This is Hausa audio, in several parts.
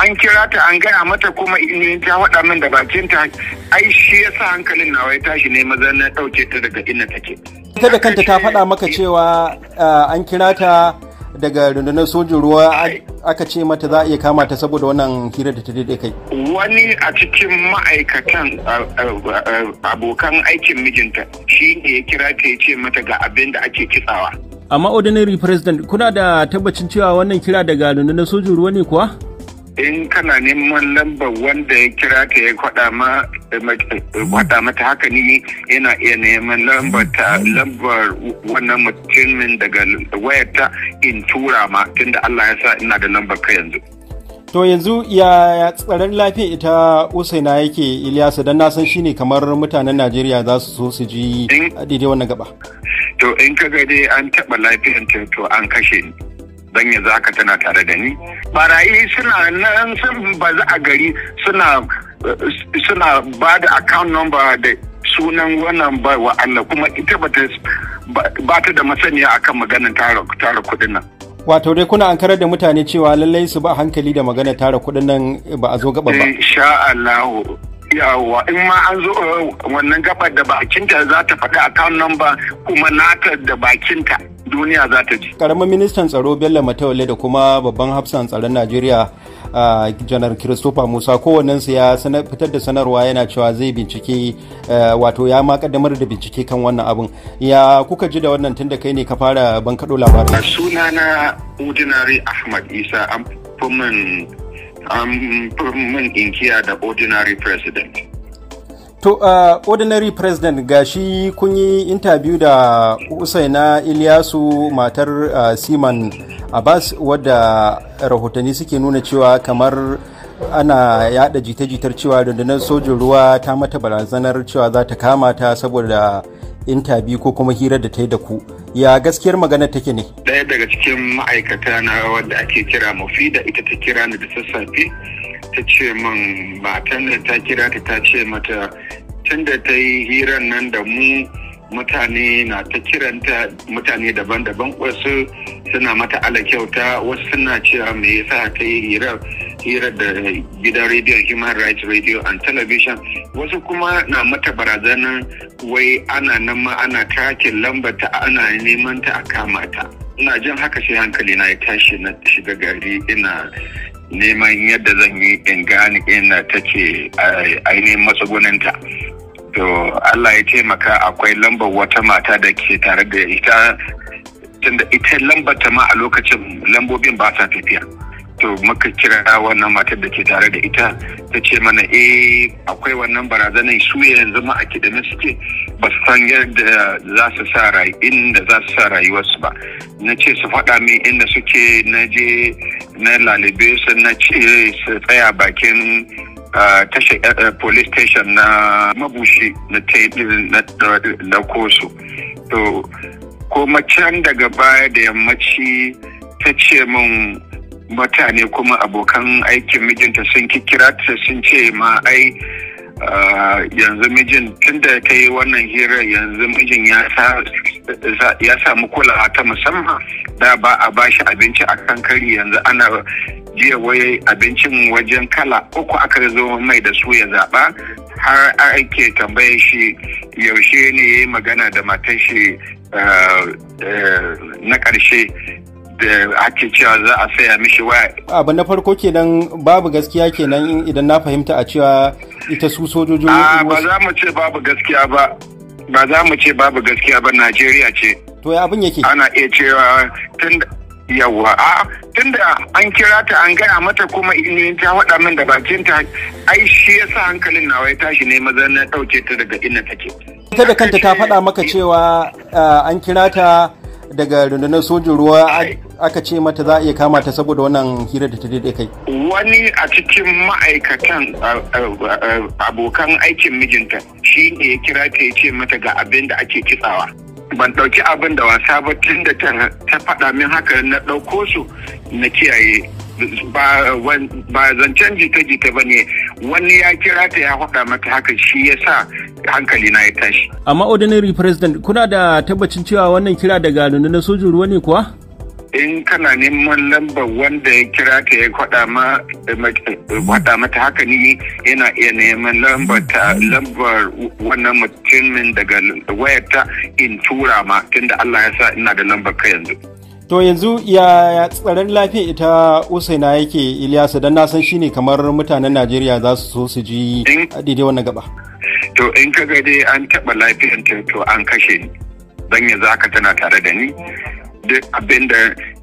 an kira ta an gaya mata kuma in ta faɗa min da bakin ta ai shi yasa hankalin nawa ya tashi ne maza na ɗauke ta daga inda take ita da kanta ta faɗa maka cewa eh, an kira ta daga rundunar sojin ruwa aka ce mata za a iya kama ta saboda wannan hira da ta daidai kai wani a cikin ma'aikatan abokan aikin mijinta shi ne ya kira ta ya ce mata ga abin da ake kitsawa amma ordinary president kuna da tabbacin cewa wannan kira daga rundunar sojin ruwa ne kuwa in kana neman lambar wanda ya kira ta ya eh, eh, eh, kwada mata haka ne yana iya neman lambar wannan mutumin daga wayarta in tura ma tunda Allah ya sa ina da lambar ka yanzu. To yanzu ya tsaron lafiya ita Usaina yake Ilyasu dan na shi ne kamar mutanen Najeriya za su so su ji daidai wannan gaba. To in ka ga dai an taɓa ta to an kashe ni. Zan yi haka tana tare da ni barayi suna nan sun za a gari suna suna ba da account number da sunan wannan ba wa Allah kuma ita ba ta da masaniya akan maganin tara kuɗin nan wato dai kuna ankara da mutane cewa lallai su ba hankali da magana tara kuɗin nan ba a zo gaba ba insha Allah yawa in ma an zo uh, wannan gabar da bakinta za ta faɗi account number kuma nata da bakinta duniya za ta ji. Karamin ministan tsaro Bello Mataule da kuma babban hafsan tsaron Najeriya janar Christopher Musa kowannensu ya fitar da sanarwa yana cewa zai bincike wato ya ma kaddamar da bincike kan wannan abin. Ya kuka ji da wannan tunda kai ne ka fara ban bankaɗo labarin. Sunana Ordinary Ahmad Isa an fi min inkiya da Ordinary President. To uh, ordinary president gashi kun yi interview da Usaina Ilyasu matar uh, Siman Abbas wadda rahotanni suke nuna cewa kamar ana yada jita-jitar cewa rundunar sojin ruwa ta mata barazanar cewa za ta kama ta saboda intabi ko kuma hirar da ta yi da ku ya gaskiyar magana take ne Daya daga cikin ma'aikata na wadda ake kira mafida ita ta kira ni da sassafe ta ce min matan da ta kira ta ta ce mata tun da ta yi hiran nan da mu mutane na ta kiranta mutane daban-daban wasu suna mata alakyauta wasu suna cewa me yasa ta yi hirar hirar da gidan rediyon human rights radio and television wasu kuma na mata barazanar wai ana nan ma ana kakin lambata ana neman ta a kamata. ta. ina jin haka sai hankali na ya tashi na shiga gari ina neman yadda zan yi in gane ina ta ce eh, ainihin matsuguninta to Allah ya taimaka akwai lambar wata mata da ke tare da ita tunda ita lambar ta ma a lokacin lambobin ba sa tafiya to muka kira wannan matar da ke tare da ita ta ce mana eh akwai wannan barazanar su yanzu ma a kidame suke ba su san yadda za su sa inda za su sa rayuwarsu ba na ce su faɗa min inda suke na je na lalibe su na ce su tsaya bakin tashi, police station na mabushi na koso to ko can daga baya da yammaci ta ce min mutane kuma abokan aikin mijinta sun kikira ta sun ce ma ai yanzu mijin tunda ta yi wannan hirar yanzu mijin ya samu kulawa ta musamman da ba a bashi abinci a kan kari yanzu ana jiya waye abincin wajen kala uku aka zo mai da su ya zaɓa har ake tambaye shi yaushe ne ya yi magana da matashi na ƙarshe da ake cewa za a saya mishi waya. Abu na farko kenan babu gaskiya kenan idan na fahimta a cewa ita su sojojin. A ah, ba za mu ce babu gaskiya ba. Ba za mu ce babu gaskiya ba Najeriya ce. To ya abin yake? Ana iya cewa tun yawwa a da an kira ta an gaya mata kuma in ta faɗa min da bakin ta ai shi yasa hankalin nawa ya tashi ne maza na ɗauke ta daga inda take. Ita da kanta ta faɗa maka cewa ah, an kira ta daga rundunar sojin ruwa aka ce mata za a iya kama ta saboda wannan hira da ta daidai kai wani a cikin ma'aikatan abokan aikin mijinta shi ne ya kira ta ya ce mata ga abin da ake kitsawa ban ɗauki abin da wasa ba tun da ta faɗa min haka na ɗauko su na kiyaye ba zancen jita-jita ba ne wani ya kira ta ya faɗa mata haka shi ya sa hankali na ya tashi. Amma ordinary president kuna da tabbacin cewa wannan kira daga nuna sojin ruwa ne kuwa? in kana neman lambar wanda ya kira ta ya eh, eh, kwada mata haka ni yana iya neman lambar wannan mutumin daga wayarta in tura ma tunda Allah ya sa ina da lambar ka yanzu. To yanzu ya tsaron lafiya ita Usaina yake Ilyas dan na san shi ne kamar mutanen Najeriya za su so su ji daidai wannan gaba. To in ka dai an taɓa ta to an kashe ni. Don yanzu haka tana tare da ni. duk abin da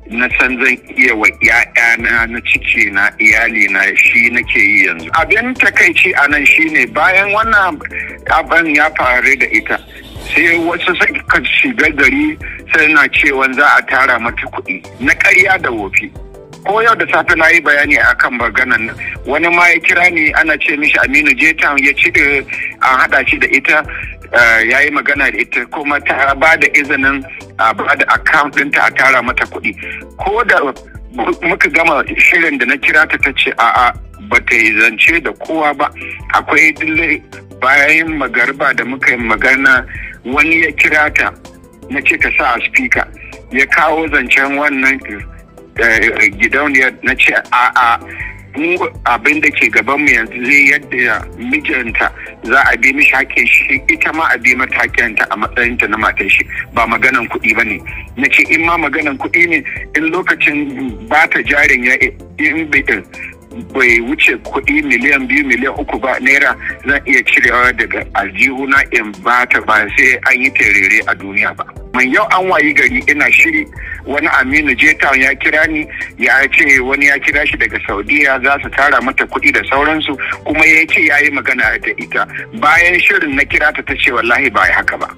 na san zan iya wa ‘ya'yana na ciki na iyali na shi nake yi yanzu. Abin takaici a nan shi ne, bayan wannan abin ya faru da ita. sai wasu suka shiga gari sai na cewa za a tara mata kuɗi na ƙarya da wofi ko yau da safe na yi bayani kan maganan nan wani ma ya kira ni ana ce mishi aminu jetan ya ci eh, a haɗa shi da ita Eh, ya yi magana da ita kuma ta ba da izinin a ba da account ɗinta a tara mata kuɗi ko da muka gama shirin da na kira ta ta ce a'a ba ta yi zance da kowa ba akwai dillai bayan magarba da muka yi magana wani ya kira ta na ce ta sa a speaker ya kawo zancen wannan eh, gidauniyar na ce a'a abin da ke gabanmu yanzu zai yadda mijinta za a bi mishi hakin shi ita ma a bi mata ta a matsayinta na matan shi ba maganan kuɗi ba ne na ce in ma maganan kuɗi ne in lokacin ba ta jarin ya in bai wuce kuɗi miliyan biyu miliyan uku ba naira zan iya cirewa daga aljihuna in ba ta ba sai an yi terere a duniya ba. Man yau an wayi gari ina shiri wani aminu jetown ya kira ni ya ce wani ya kira shi daga saudiya za su tara mata kuɗi da sauransu kuma ya ce ya yi magana da ita bayan shirin na kira ta ta ce wallahi ba haka ba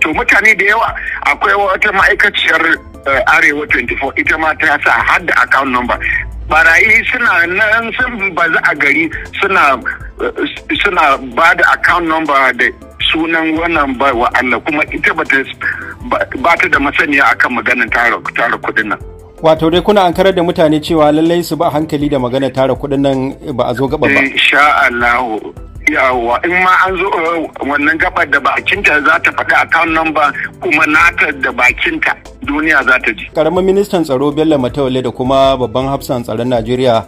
to mutane da yawa akwai wata ma'aikaciyar eh, arewa 24 ita ma ta sa har da account number barayi suna nan sun za a gari eh, suna ba da account number da sunan wannan ba wa Allah kuma ita ba ta ba ta da masaniya akan maganin tara kuɗin nan. Wato dai kuna an da mutane cewa lallai su ba hankali da magana tara kuɗin nan ba a zo gaba ba. Insha Allah yawa in ma an zo uh, wannan gabar da bakinta za ta faɗi account number kuma nata da bakinta duniya za ta ji. Karamin ministan tsaro Bello Matawalle da kuma babban hafsan tsaron Najeriya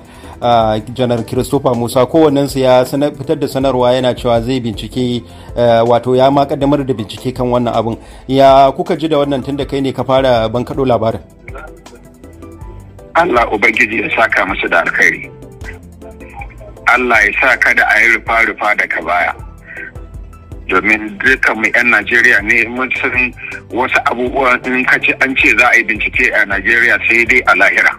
janar christopher musa kowannensu ya fitar da sanarwa yana cewa zai bincike eh, wato ya ma kaddamar da bincike kan wannan abin ya kuka ji da wannan tun da kai ne ka fara ban kaɗo labarin allah ubangiji ya saka masa da alkhairi allah ya sa kada a yi rufa-rufa daga baya domin duka 'yan najeriya ne mun san wasu abubuwan in ka ce an ce za a yi bincike a najeriya sai dai a lahira.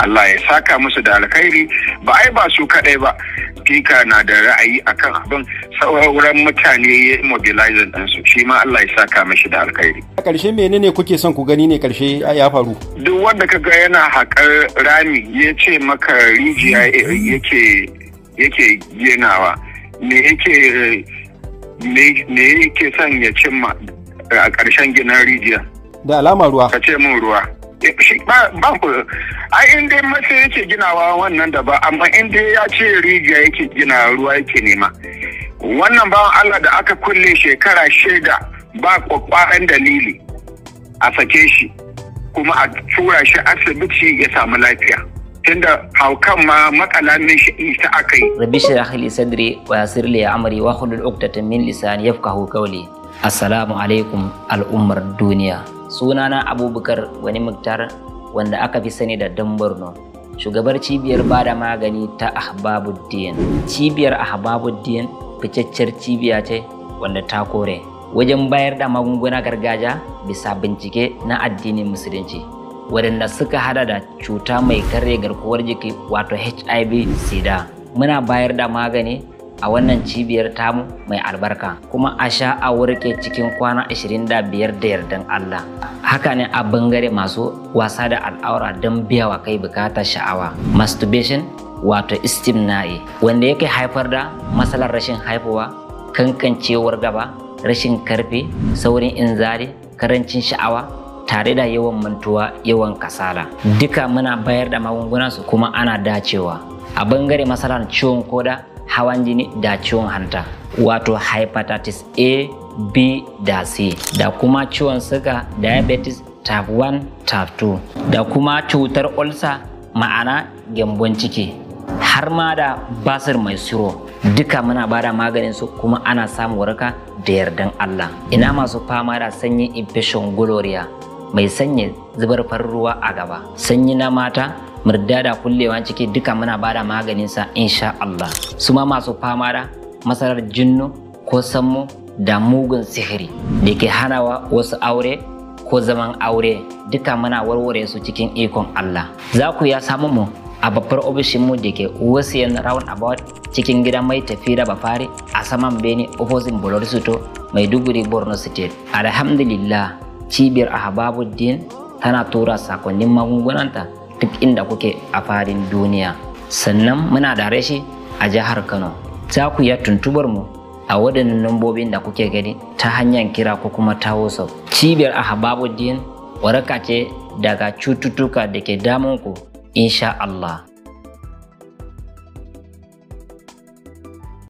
Allah ya saka musu da alkhairi ba ai ba su kadai ba kika na da ra'ayi akan abin sauran mutane ya mobilize din su shi ma Allah ya saka mashi da alkhairi. A karshe menene kuke son ku gani ne ƙarshe ya faru? Duk wanda ka ga yana haƙar rami ya ce maka rijiya eh, yake yake genawa me yake me yake son ya cimma a ƙarshen ginin rijiya. Da alama ruwa. Ka ce min ruwa. ban ku a inda yake ginawa wannan da ba amma inda ya ce rijiya yake gina ruwa yake nema wannan bawan Allah da aka kulle shekara sheda ba kwakwaran dalili a sake shi kuma a tura shi asibiti ya samu lafiya tunda haukan ma makalamin shi ita aka yi rabbi shirah li sadri wa yassir li amri wa 'uqdatan min lisan yafqahu qawli assalamu alaikum al'ummar duniya sunana abubakar wani muktar wanda aka fi sani da dambarno shugabar cibiyar bada magani ta ahbabuddin cibiyar ahbabuddin fitaccen cibiya ce wanda ta kore wajen bayar da magunguna gargajiya bisa bincike na addinin musulunci waɗanda suka hada da cuta mai karya garkuwar jiki wato hiv sida muna bayar da magani a wannan cibiyar tamu mai albarka kuma a sha a warke cikin kwana 25 da yardan Allah haka ne a bangare masu wasa da al'aura don biya wa kai bukatar sha'awa masturbation wato istimna'i wanda yake haifar da matsalar rashin haifuwa kankancewar gaba rashin karfi saurin inzari karancin sha'awa tare da yawan mantuwa yawan kasala duka muna bayar da magungunansu su kuma ana dacewa a bangare matsalar ciwon koda hawan jini da ciwon hanta wato hepatitis A, B da C da kuma ciwon suga diabetes type 1, type 2 da kuma cutar ulcer ma'ana gyambon ciki har ma da basir mai siro duka muna bada maganin su kuma ana samun waraka da yardan Allah ina masu fama da sanyi infection gloria mai sanya zubar ruwa a gaba sanyi na mata murdada kullewa ciki duka muna bada maganin sa insha Allah su ma masu fama da masarar jinnu ko sammo da mugun sihiri da ke hanawa wasu aure ko zaman aure duka muna warware su cikin ikon Allah za ku ya samu mu a babbar ofishin mu da ke wasiyan round about cikin gidan mai tafi da bafari a saman bene opposite bolor suto maiduguri borno state alhamdulillah cibiyar ahbabuddin tana tura sakonnin magungunanta duk inda kuke a farin duniya sannan muna da reshe a jihar kano za ku iya tuntubar mu a waɗannan lambobin da kuke gani ta hanyar kira ko kuma ta wasa cibiyar ahbabuddin waraka ce daga cututtuka da ke damun ku insha Allah